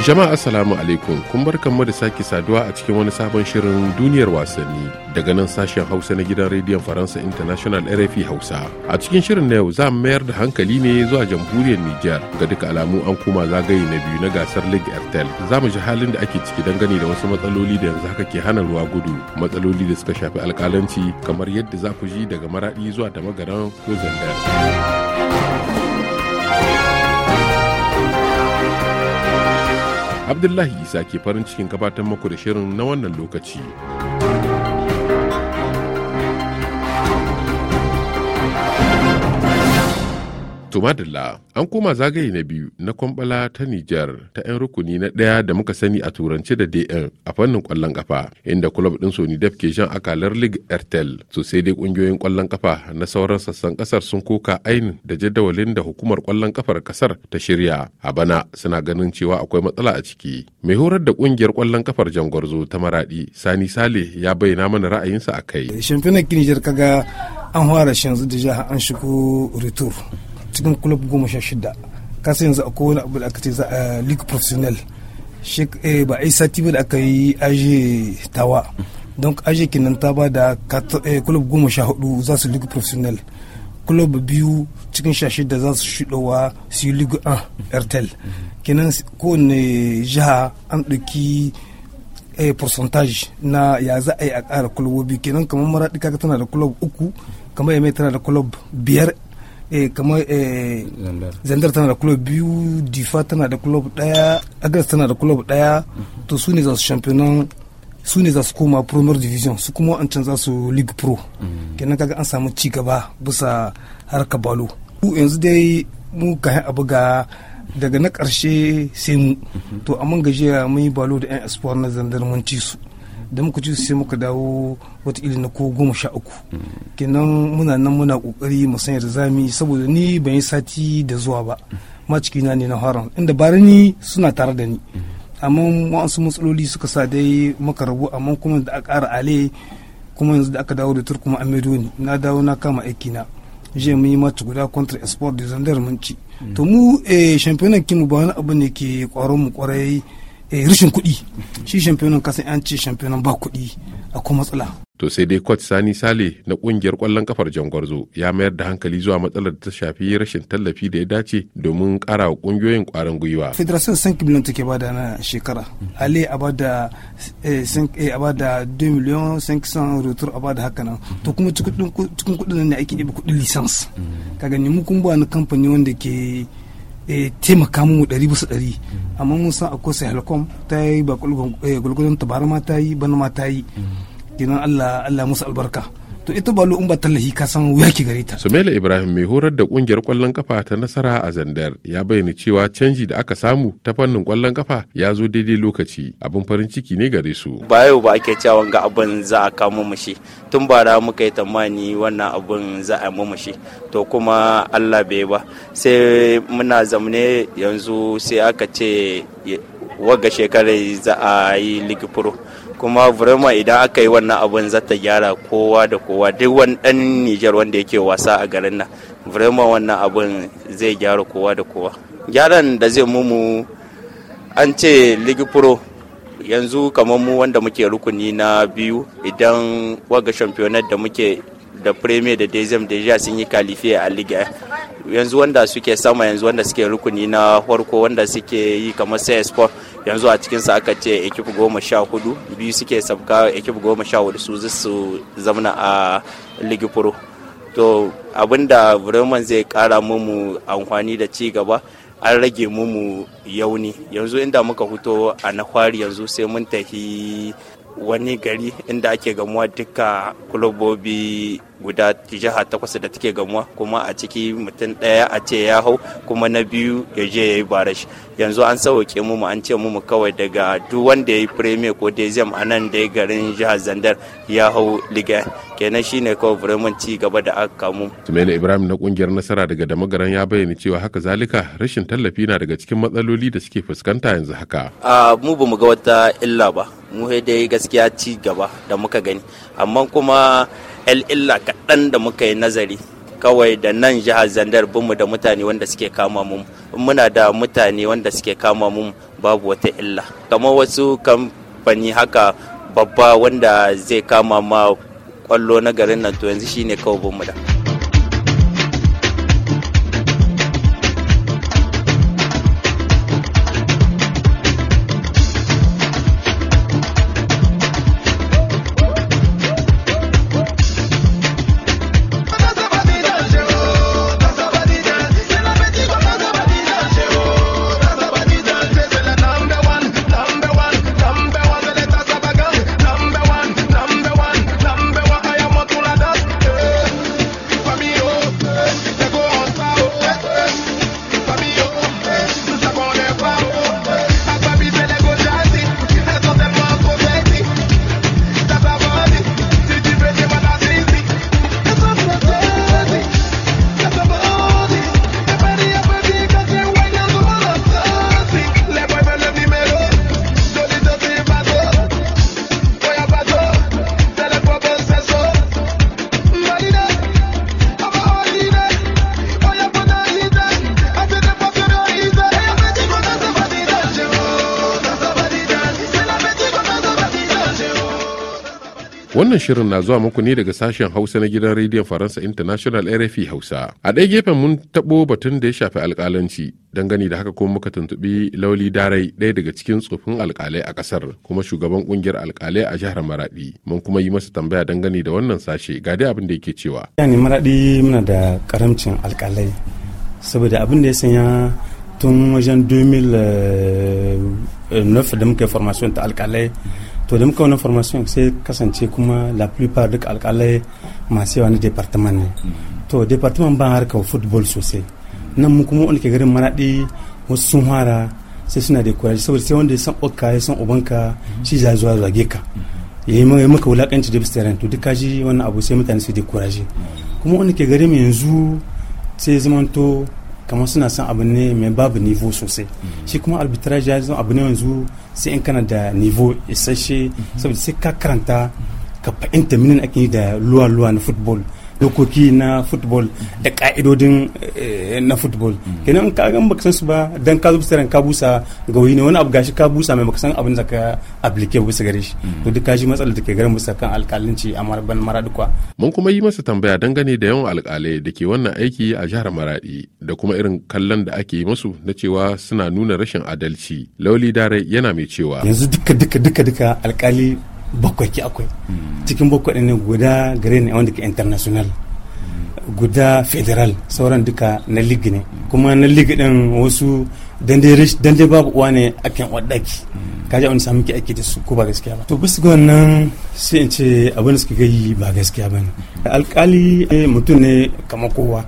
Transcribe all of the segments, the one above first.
Jama'a Assalamu alaikum kun bar kanmu da sake saduwa a cikin wani sabon shirin duniyar wasanni daga nan sashen Hausa na gidan rediyon Faransa International RFI Hausa. A cikin shirin na yau za mu mayar da hankali ne zuwa jamhuriyar niger ga duka alamu an koma zagaye na biyu na gasar League Airtel. Za mu ji halin da ake ciki dangane da wasu matsaloli da yanzu haka ke hana ruwa gudu, matsaloli da suka shafi alkalanci kamar yadda za ku ji daga maradi zuwa da magaran ko zandar. Abdullahi Isa ke farin cikin gabatar muku da shirin na wannan lokaci. Tumadilla an koma zagaye na biyu na kwambala ta Nijar ta 'yan rukuni na daya da muka sani a turance da DN a fannin kwallon kafa inda kulob din soni Def ke shan akalar League Airtel. So sai dai kungiyoyin kwallon kafa na sauran sassan kasar sun koka ainin da jadawalin da hukumar kwallon kafar kasar ta shirya. A bana suna ganin cewa akwai matsala a ciki. Mai horar da kungiyar kwallon kafar Jangwarzo ta maradi Sani Sale ya bayyana mana ra'ayinsa a kai. Shimfinan Nijar kaga an fara shanzu yanzu jiha an shigo cikin club goma sha shida kasa yanzu a kowane abu da aka ce za a eh, league professional eh, ba a yi sati ba da aka yi aje tawa don aje kinan ta ba da eh, club goma sha hudu za su league professional club biyu cikin sha shida za su shidowa su yi league an airtel kenan kowane jiha an ɗauki a percentage na ya za a yi a ƙara kulobobi kenan kamar maraɗi kaka tana da kulob uku kamar yamai tana da kulob biyar Eh, kamar eh, zandar tana da club biyu difa tana da club daya agres tana da club daya to su ne za su championnat su ne za su koma premier division su kuma an can za su league pro mm. kenan kaga an samu ci gaba bisa harka balo yanzu dai mu a abu ga daga na karshe sai mu mm-hmm. to amma gajiya mun yi balo da 'yan espoir na zandar mun ci su da muka ci sai muka dawo wata na ko goma sha uku kenan muna nan muna kokari mu sanya da zami saboda ni ban yi sati da zuwa ba ma na ne na haram inda bari ni suna tare da ni amma wasu matsaloli suka sa dai maka rabu amma kuma da aka ƙara ale kuma yanzu da aka dawo da turkuma a medoni na dawo na kama aiki na je mun yi mata guda contra export da zandar mun ci to mu eh champion mu ba wani abu ne ke kwaron mu kwarai Eh, rashin kuɗi shi shamfiyonin kasan yan ce shamfiyonin ba kuɗi kuma matsala to sai dai Kwat sani sale na kungiyar kwallon kafar jangwarzo ya mayar da hankali zuwa matsalar da ta shafi rashin tallafi da ya dace domin karawa kungiyoyin kwarin gwiwa federation san miliyan take bada na shekara ale a bada eh, eh, a bada 2 miliyan 500 a bada haka nan to kuma cikin kudin ne ake ɗiba kudin lisans ka gani mu kun ba ni kamfani wanda ke Eh, taimaka mu ɗari bisa ɗari amma mun san akwai sai halkom ta yi ba gulgulun eh, tabarma ta yi bana ma ta yi mm. kenan allah allah musu albarka to ita b'a lu'un ba tallahi ka san wuya ki gare ta Sumaila Ibrahim mai horar da kungiyar kwallon kafa ta nasara a Zandar ya bayyana cewa canji da aka samu ta fannin kwallon kafa ya zo daidai lokaci abin farin ciki ne gare su ba yau ba ake cewa ga abin za a kama mushi tun bara muka yi tamani wannan abin za a mu mushi to kuma Allah bai ba sai muna zamne yanzu sai aka ce waga shekarar za a yi ligi kuma vraiment idan aka yi wannan abin za ta gyara kowa da kowa wa duk wani dan Nijar wanda yake wasa a garin nan vraiment wannan abun zai gyara kowa da kowa gyaran da zai mumu an ce ligi pro yanzu kamar mu wanda muke rukuni na biyu idan waga championat da muke da premier da dezem deja sun yi kalifiye a liga yanzu wanda suke sama yanzu wanda suke rukuni na farko wanda suke yi kamar sai sport yanzu a cikinsa aka ce ekip goma sha hudu biyu suke sabka ekip goma sha hudu su su zamana a ligi pro to abinda vraiment zai kara mumu amfani da ci gaba an rage mumu yauni yanzu inda muka fito a na kwari yanzu sai mun tafi wani gari inda ake gamuwa duka kulobobi guda jiha takwas da take gamuwa kuma a ciki mutum ɗaya a ce ya hau kuma na biyu ya je ya yi barash yanzu an sauke mu an ce mu kawai daga duk wanda ya yi premier ko dezem a nan da garin jiha zandar ya hau liga kenan shine kawai vraiment ci gaba da aka kamu. na Ibrahim na kungiyar nasara daga damagaran ya bayyana cewa haka zalika rashin tallafi na daga cikin matsaloli da suke fuskanta yanzu haka. mu bamu ga wata illa ba mu dai gaskiya ci gaba da muka gani amma kuma illa kaɗan da muka yi nazari kawai da nan jihar zandar mu da mutane wanda suke kama mu muna da mutane wanda suke kama mu babu wata illa kamar wasu kamfani haka babba wanda zai kama ma kwallo na garin nan to yanzu shine kawai mu da. Wannan shirin na zuwa muku ne daga sashen Hausa na gidan rediyon Faransa International RFI Hausa. A ɗaya gefen mun taɓo batun da ya shafi alƙalanci. gani da haka kuma muka tuntuɓi Lauli Darai ɗaya daga cikin tsofin alƙalai a ƙasar kuma shugaban ƙungiyar alƙalai a jihar Maraɗi. Mun kuma yi masa tambaya gani da wannan sashe ga dai abin da yake cewa. Yani Maraɗi muna da karamcin alƙalai saboda abin da ya sanya tun wajen 2009 eh, eh, da muka formation ta alƙalai. to da muka wani formation sai kasance kuma la plupart duk alkalai masu yawa na department ne to department ban harka football sosai nan mu kuma wani ke garin manaɗi wasu sun fara sai suna da koyar saboda sai wanda ya san ɓokka ya san ubanka shi za zuwa zage ka ya yi maka wulaƙanci da bistaran to duk kaji wannan abu sai mutane su da kuraje kuma wani ke garin yanzu sai zamanto On a commencé à s'en mais on pas niveau censé. Je sais comment arbitrage, ils ont abonné un jour, c'est un Canada niveau et ça mm-hmm. veut dire que c'est 40 ans qu'on a pas interminé avec loi de football. dokoki na football da ka'idodin eh, na football kenan ka ga baka san su ba dan ka zuba ran ka busa ga wani wani abu gashi ka busa mai baka san abin da ka aplike bisa gare shi to duk kashi matsalar da ke garin bisa kan alƙalinci a marban maradukwa mun kuma yi masa tambaya dangane da yawan alƙalai da ke wannan aiki a jihar maradi da kuma irin kallon da ake yi musu na cewa suna nuna rashin adalci lauli dare yana mai cewa yanzu duka duka duka duka alƙali bakwai ke akwai cikin bakwai ɗin guda gare ne wanda ke international guda federal sauran duka na ligi ne kuma na ligi ɗin wasu dande babu uwa ne akan waɗaki kaji abin samun ki ake da su ko ba gaskiya ba to bisa ga wannan sai in ce abin da ga yi ba gaskiya ba ne alkali eh, mutum ne kama kowa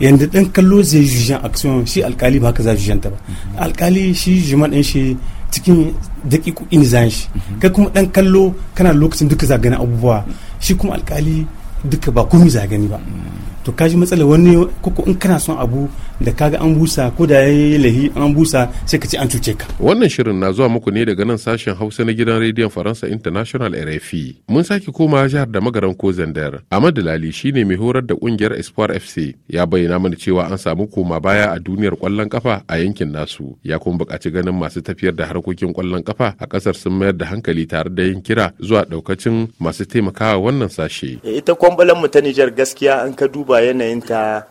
yanda ɗan kallo zai jujjan action shi alkali ba ka za jujjanta ba alkali shi juman ɗin shi cikin daƙiƙoƙin zan mhm. kai kuma ɗan kallo kana lokacin duka zagani abubuwa shi kuma alkali duka ba komi zagani ba mm. to kaji matsala wani koko in kana son abu da kaga an busa ko da yi lahi an busa sai ka ce an cuce ka wannan shirin na zuwa muku ne daga nan sashen Hausa na gidan rediyon Faransa International RFI mun sake koma jihar da magaran ko Zandar Ahmad Lali shine mai horar da kungiyar Espoir FC ya bayyana mana cewa an samu koma baya a duniyar kwallon kafa a yankin nasu ya kuma bukaci ganin masu tafiyar da harkokin kwallon kafa a kasar sun mayar da hankali tare da yin kira zuwa ɗaukacin masu taimakawa wannan sashe eh, ita kwambalan mu ta Nijar gaskiya an ka duba yanayin ta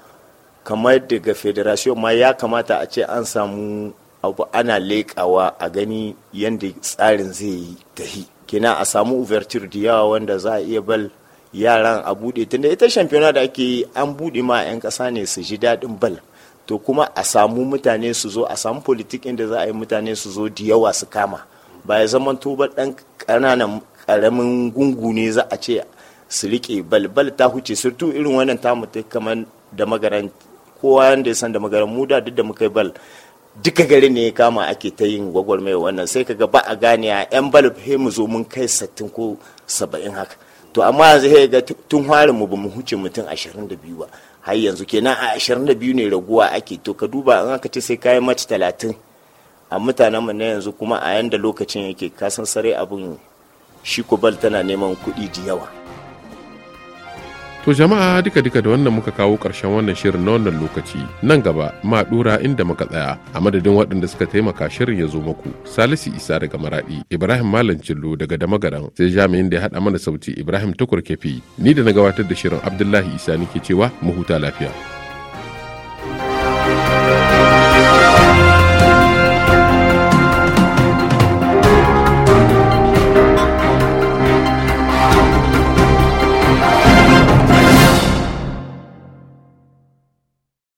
kamar daga federation ma ya kamata a ce an samu abu ana leƙawa a gani yadda tsarin zai yi tahi kina a samu overture da yawa wanda za a iya bal yaran a buɗe tunda ita shampiyona da ake yi an bude ma 'yan kasa ne su ji daɗin bal to kuma a samu mutane su zo a samu politik inda za a yi mutane su zo da yawa su kama ba ya zama ba ɗan ƙananan ƙaramin gungu ne za a ce su riƙe bal bal ta huce surtu irin wannan tamu kamar da magaranta kowa yanda ya san da magaran mu duk da muka yi bal duka gari ne ya kama ake ta yin gwagwarmaya wannan sai kaga ba a gane a yan bal he mu zo mun kai sattin ko saba'in haka to amma yanzu he ga tun hwarin mu ba mu huce mutum ashirin da biyu ba har yanzu kenan a ashirin da biyu ne raguwa ake to ka duba an aka ce sai kayan mace talatin a mutanen mu na yanzu kuma a yanda lokacin yake kasan sare abin shi bal tana neman kuɗi da yawa To jama'a duka duka da wannan muka kawo karshen wannan shirin na wannan lokaci nan gaba ma dura inda muka tsaya a madadin waɗanda suka taimaka shirin ya zo muku Salisu Isa daga Maradi Ibrahim Malam Cillo daga Damagaran sai jami'in da ya haɗa mana sauti Ibrahim Tukur Kefi ni da na gabatar da shirin Abdullahi Isa nake cewa mu huta lafiya.